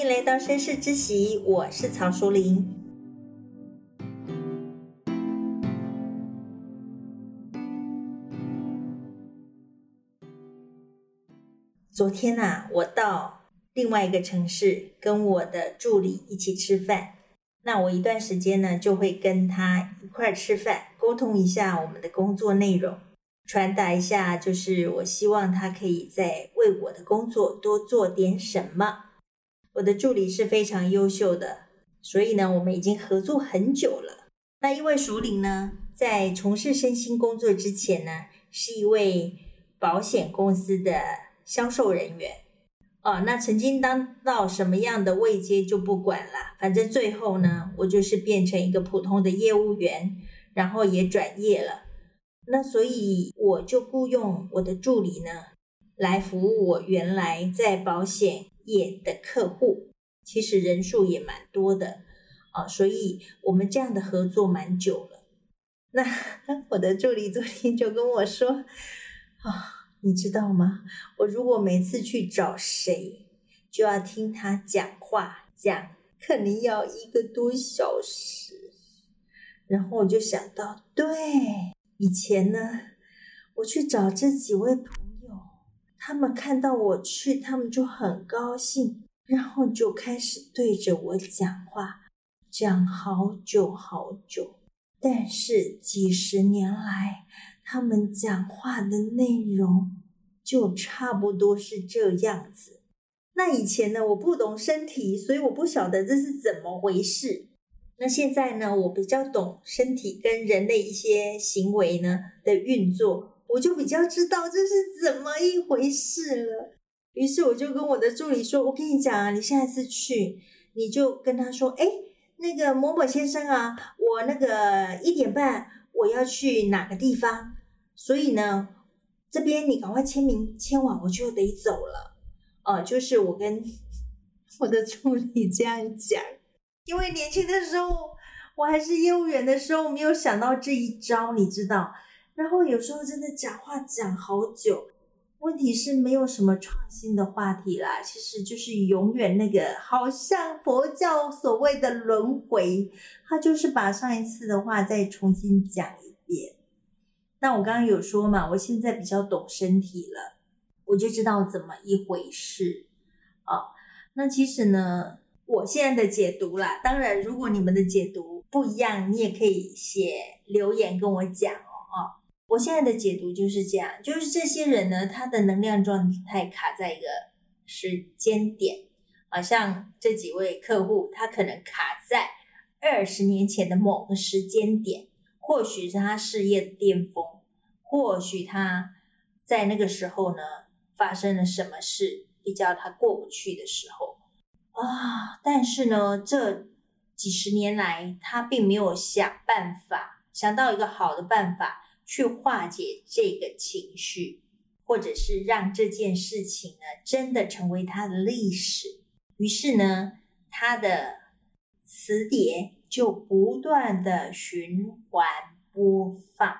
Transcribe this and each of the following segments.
歡迎來到《紳士之喜》，我是曹淑玲。昨天吶、啊，我到另外一個城市跟我的助理一起吃飯。那我一段時間呢，就會跟他一塊兒吃飯，溝通一下我們的工作內容，傳達一下，就是我希望他可以再為我的工作多做點什麼。我的助理是非常優秀的，所以呢，我們已經合作很久了。那因為首領呢，在從事身心工作之前呢，是一位保險公司的銷售人員。哦，那曾經當到什麼樣的位階就不管了，反正最後呢，我就是變成一個普通的業務員，然後也轉業了。那所以我就僱傭我的助理呢。來服務我原來在保險業的客戶，其實人數也蠻多的啊、哦，所以我們這樣的合作蠻久了。那我的助理昨天就跟我說啊、哦，你知道嗎？我如果每次去找誰，就要聽他講話，講可能要一個多小時。然後我就想到，對，以前呢，我去找這幾位。他們看到我去，他們就很高興，然後就開始對着我講話，講好久好久。但是幾十年來，他們講話的內容就差不多是這樣子。那以前呢，我不懂身體，所以我不曉得這是怎麼回事。那現在呢，我比較懂身體跟人的一些行為呢的運作。我就比較知道這是怎麼一回事了，於是我就跟我的助理說：“我跟你講啊，你下一次去，你就跟他說，哎、欸，那個某某先生啊，我那個一點半我要去哪個地方，所以呢，這邊你趕快簽名簽完我就得走了。呃”哦，就是我跟我的助理這樣講，因為年輕的時候，我還是業務員的時候，沒有想到這一招，你知道。然後有時候真的講話講好久，問題是沒有什麼創新的話題啦，其實就是永遠那個，好像佛教所謂的輪迴，他就是把上一次的話再重新講一遍。但我剛剛有說嘛，我現在比較懂身體了，我就知道怎麼一回事哦，那其實呢，我現在的解讀啦，當然如果你們的解讀不一樣，你也可以寫留言跟我講哦，我現在的解讀就是這樣，就是這些人呢，他的能量狀態卡在一個時間點，好、啊、像這幾位客戶，他可能卡在二十年前的某個時間點，或許是他事業的巔峰，或許他在那個時候呢發生了什麼事，比較他過不去的時候啊，但是呢，這幾十年來，他並沒有想辦法，想到一個好的辦法。去化解這個情緒，或者是讓這件事情呢，真的成為他的歷史。於是呢，他的磁碟就不斷的循環播放。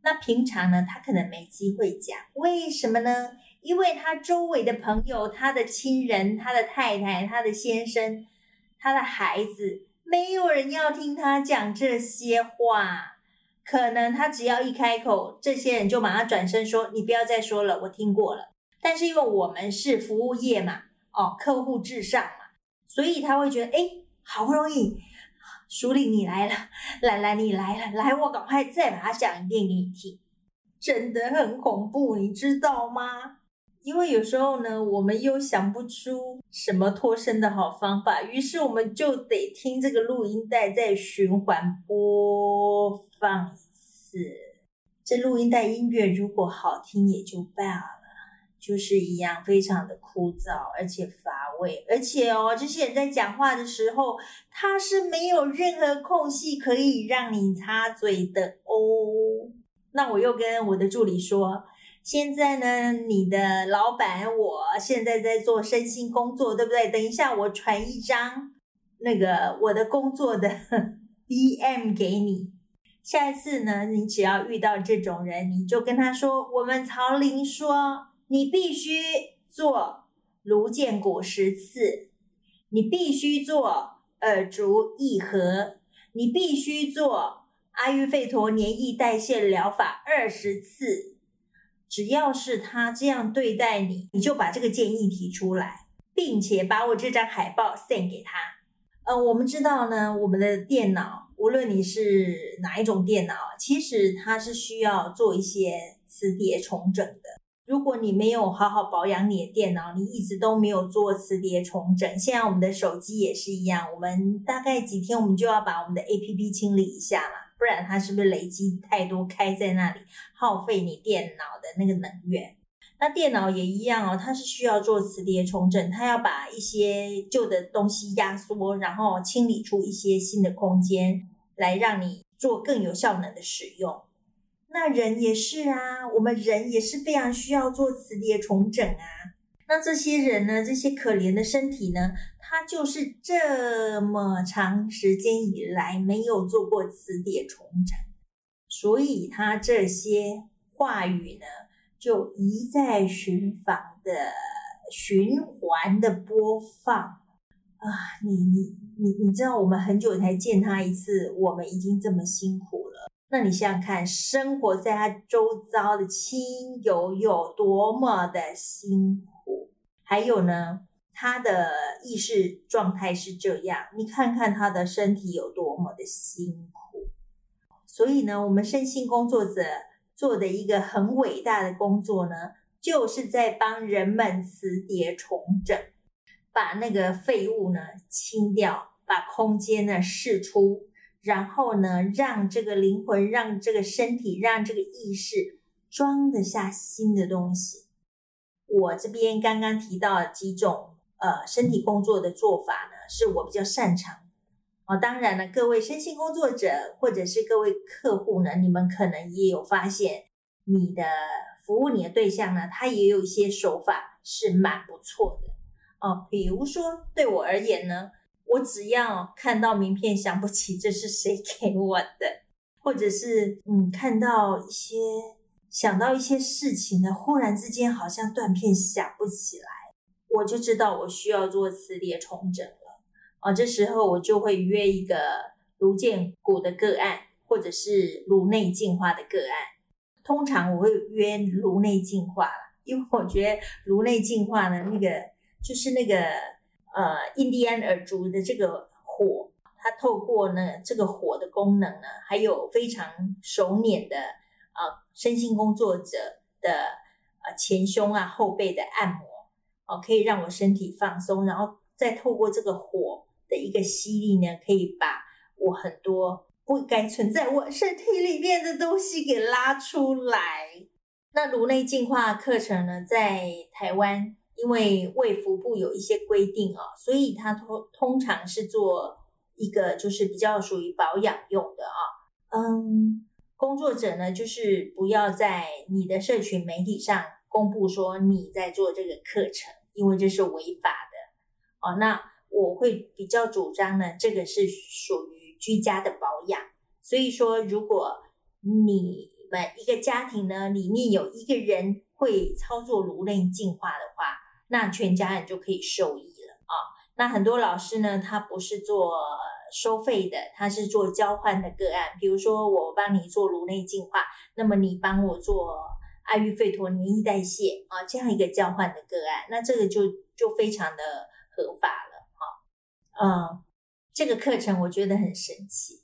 那平常呢，他可能沒機會講，為什麼呢？因為他周圍的朋友、他的親人、他的太太、他的先生、他的孩子，沒有人要聽他講這些話。可能他只要一開口，這些人就馬上轉身說：“你不要再說了，我聽過了。”但是因為我們是服務業嘛，哦，客戶至上嘛，所以他會覺得，哎，好不容易，淑玲你，你來了，蘭蘭你來了，來，我趕快再把它講一遍給你聽，真的很恐怖，你知道嗎？因為有時候呢，我們又想不出什麼脫身的好方法，於是我們就得聽這個錄音帶再循環播放一次。這錄音帶音樂如果好聽也就罷了，就是一樣非常的枯燥而且乏味。而且哦，這些人在講話的時候，他是沒有任何空隙可以讓你插嘴的哦。那我又跟我的助理說。現在呢，你的老闆我現在在做身心工作，對不對？等一下我傳一張那個我的工作的 DM 給你。下一次呢，你只要遇到這種人，你就跟他說：“我們曹玲說，你必須做顱薦骨十次，你必須做耳燭一盒，你必須做阿育吠陀黏液代謝療法二十次。”只要是他這樣對待你，你就把這個建議提出來，並且把我這張海報 send 給他。呃，我們知道呢，我們的電腦，無論你是哪一種電腦，其實它是需要做一些磁碟重整的。如果你沒有好好保養你的電腦，你一直都沒有做磁碟重整，現在我們的手機也是一樣，我們大概幾天，我們就要把我們的 APP 清理一下了。不然它是不是累積太多，開在那裡耗費你電腦的那個能源？那電腦也一樣哦，它是需要做磁碟重整，它要把一些舊的東西壓縮，然後清理出一些新的空間來讓你做更有效能的使用。那人也是啊，我們人也是非常需要做磁碟重整啊。那這些人呢？這些可憐的身體呢？他就是這麼長時間以來沒有做過磁碟重整，所以他這些話語呢，就一再循環的循環的播放啊！你你你，你知道我們很久才見他一次，我們已經這麼辛苦了。那你想想看，生活在他周遭的親友有，有多麼的辛苦。還有呢，他的意識狀態是這樣，你看看他的身體有多麼的辛苦。所以呢，我們身心工作者做的一個很偉大的工作呢，就是在幫人們磁碟重整，把那個廢物呢清掉，把空間呢釋出，然後呢，讓這個靈魂、讓這個身體、讓這個意識裝得下新的東西。我這邊剛剛提到的幾種呃身體工作的做法呢，是我比較擅長的哦。當然了，各位身心工作者或者是各位客戶呢，你們可能也有發現，你的服務你的對象呢，他也有一些手法是蠻不錯的哦。比如說對我而言呢，我只要看到名片想不起這是誰給我的，或者是，嗯，看到一些。想到一些事情呢，忽然之間好像斷片想不起來，我就知道我需要做磁碟重整了啊、哦。這時候我就會約一個顱薦骨的個案，或者是顱內進化的個案。通常我會約顱內進化，因為我覺得顱內進化的那個就是那個呃，印第安耳燭的這個火，它，透過呢這個火的功能呢，還有非常手捻的啊。呃身心工作者的前胸啊後背的按摩哦，可以讓我身體放鬆，然後再透過這個火的一個吸力呢，可以把我很多不該存在我身體裡面的東西給拉出來。那顱內淨化的課程呢，在台灣因為衛福部有一些規定啊、哦，所以它通通常是做一個就是比較屬於保養用的啊、哦，嗯。工作者呢，就是不要在你的社群媒體上公布說你在做這個課程，因為這是違法的哦。那我會比較主張呢，這個是屬於居家的保養。所以說，如果你們一個家庭呢裡面有一個人會操作顱內淨化的話，那全家人就可以受益了啊、哦。那很多老師呢，他不是做。收費的，他是做交換的個案，比如說我幫你做顱內淨化，那麼你幫我做阿育吠陀年疫代謝啊、哦，這樣一個交換的個案，那這個就就非常的合法了哈、哦。嗯，這個課程我覺得很神奇。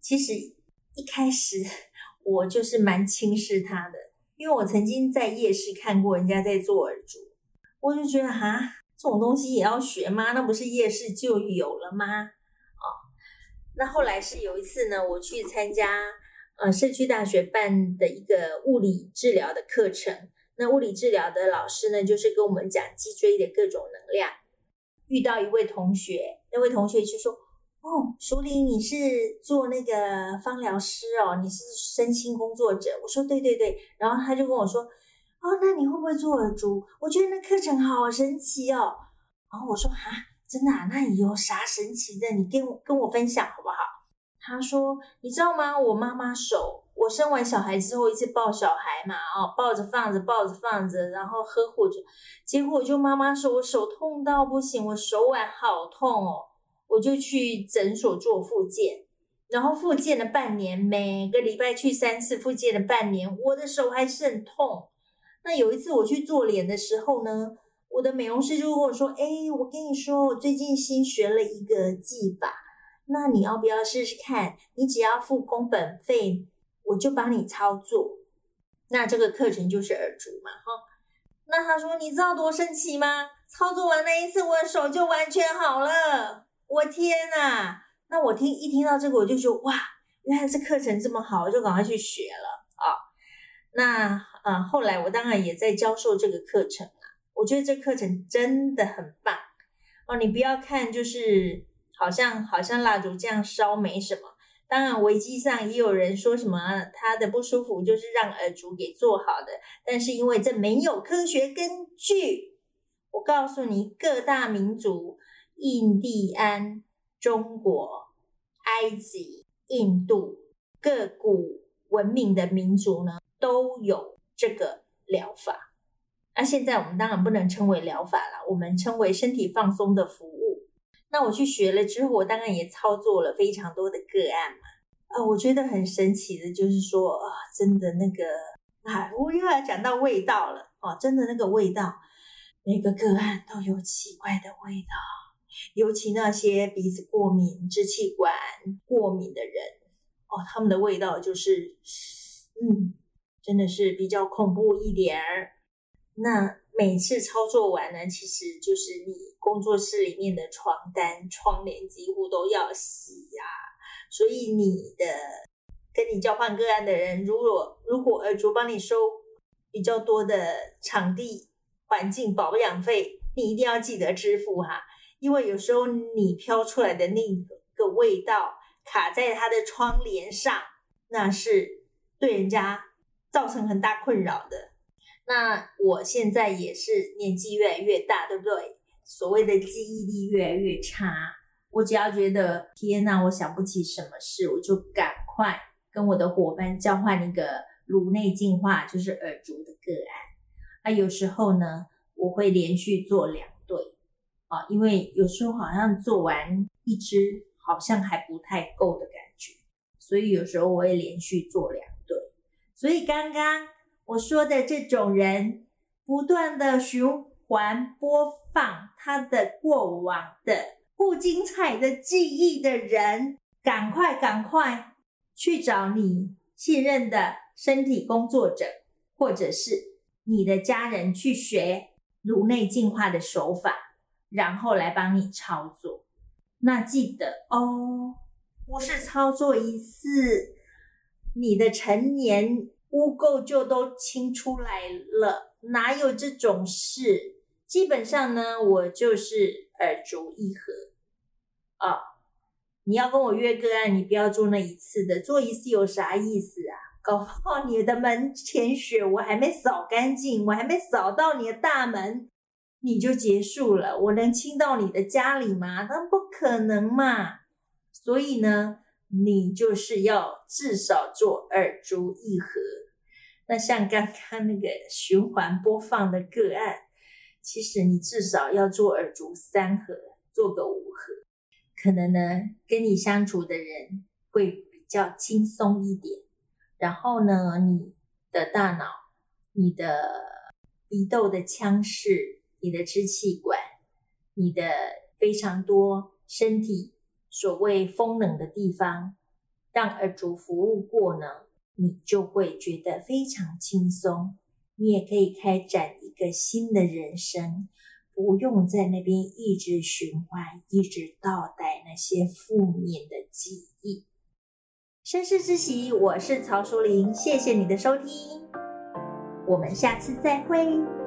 其實一開始我就是蠻輕視他的，因為我曾經在夜市看過人家在做耳燭，我就覺得啊，這種東西也要學嗎？那不是夜市就有了嗎？那後來是有一次呢，我去參加呃社區大學辦的一個物理治療的課程。那物理治療的老師呢，就是跟我們講脊椎的各種能量。遇到一位同學，那位同學就說：“哦，淑玲，你是做那個芳療師哦，你是身心工作者。”我說：“對對對。”然後他就跟我說：“哦，那你會不會做耳燭？我覺得那課程好神奇哦。”然後我說：“哈。”真的啊，那你有啥神奇的？你跟我跟我分享好不好？他說：“你知道嗎？我媽媽手，我生完小孩之後，一直抱小孩嘛，哦，抱着放着，抱着放着，然後呵護着，結果我就媽媽說，我手痛到不行，我手腕好痛哦，我就去診所做復健，然後復健了半年，每個禮拜去三次復健了半年，我的手還是很痛。那有一次我去做臉的時候呢？”我的美容師就跟我說：“哎，我跟你說，我最近新學了一個技法，那你要不要試試看？你只要付工本費，我就幫你操作。那這個課程就是耳燭嘛，哈、哦。那他說，你知道多神奇嗎？操作完那一次，我的手就完全好了。我天吶，那我聽一聽到這個，我就說哇，原來這課程這麼好，我就趕快去學了啊、哦。那啊，後來我當然也在教授這個課程。”我覺得這課程真的很棒哦！你不要看，就是好像好像蠟燭這樣燒沒什麼。當然，維基上也有人說什麼、啊、他的不舒服就是讓耳燭給做好的，但是因為這沒有科學根據。我告訴你，各大民族，印第安、中國、埃及、印度各古文明的民族呢，都有這個療法。那、啊、現在我們當然不能稱為療法了，我們稱為身體放鬆的服務。那我去學了之後，我當然也操作了非常多的個案嘛。啊、哦，我覺得很神奇的就是說，哦、真的那個，啊、我又要講到味道了哦。真的那個味道，每個個案都有奇怪的味道，尤其那些鼻子過敏、支氣管過敏的人哦，他們的味道就是，嗯，真的是比較恐怖一點兒。那每次操作完呢，其實就是你工作室裡面的床單、窗簾幾乎都要洗呀。所以你的跟你交換個案的人，如果如果耳燭幫你收比較多的場地環境保養費，你一定要記得支付哈，因為有時候你飄出來的那個味道卡在他的窗簾上，那是對人家造成很大困擾的。那我現在也是年紀越來越大，對不對？所謂的記憶力越來越差，我只要覺得天哪，我想不起什麼事，我就趕快跟我的夥伴交換一個顱內淨化，就是耳燭的個案。那有時候呢，我會連續做兩對，啊，因為有時候好像做完一支好像還不太夠的感覺，所以有時候我會連續做兩對。所以剛剛。我說的這種人，不斷的循環播放他的過往的不精彩的記憶的人，趕快趕快去找你信任的身體工作者，或者是你的家人去學顱內淨化的手法，然後來幫你操作。那記得哦，不是操作一次你的成年。污垢就都清出來了，哪有這種事？基本上呢，我就是耳燭一盒啊、哦，你要跟我約個案、啊，你不要做那一次的，做一次有啥意思啊？搞好、哦，你的門前雪，我還沒掃乾淨，我還沒掃到你的大門，你就結束了。我能清到你的家裡嗎？那不可能嘛。所以呢，你就是要至少做耳燭一盒。那像剛剛那個循環播放的個案，其實你至少要做耳燭三合，做個五合，可能呢，跟你相處的人會比較輕鬆一點。然後呢，你的大腦、你的鼻竇的腔室、你的支氣管、你的非常多身體所謂風冷的地方，讓耳燭服務過呢。你就會覺得非常輕鬆，你也可以開展一個新的人生，不用在那邊一直循環、一直倒帶那些負面的記憶。身世之喜，我是曹淑玲，謝謝你的收聽，我們下次再會。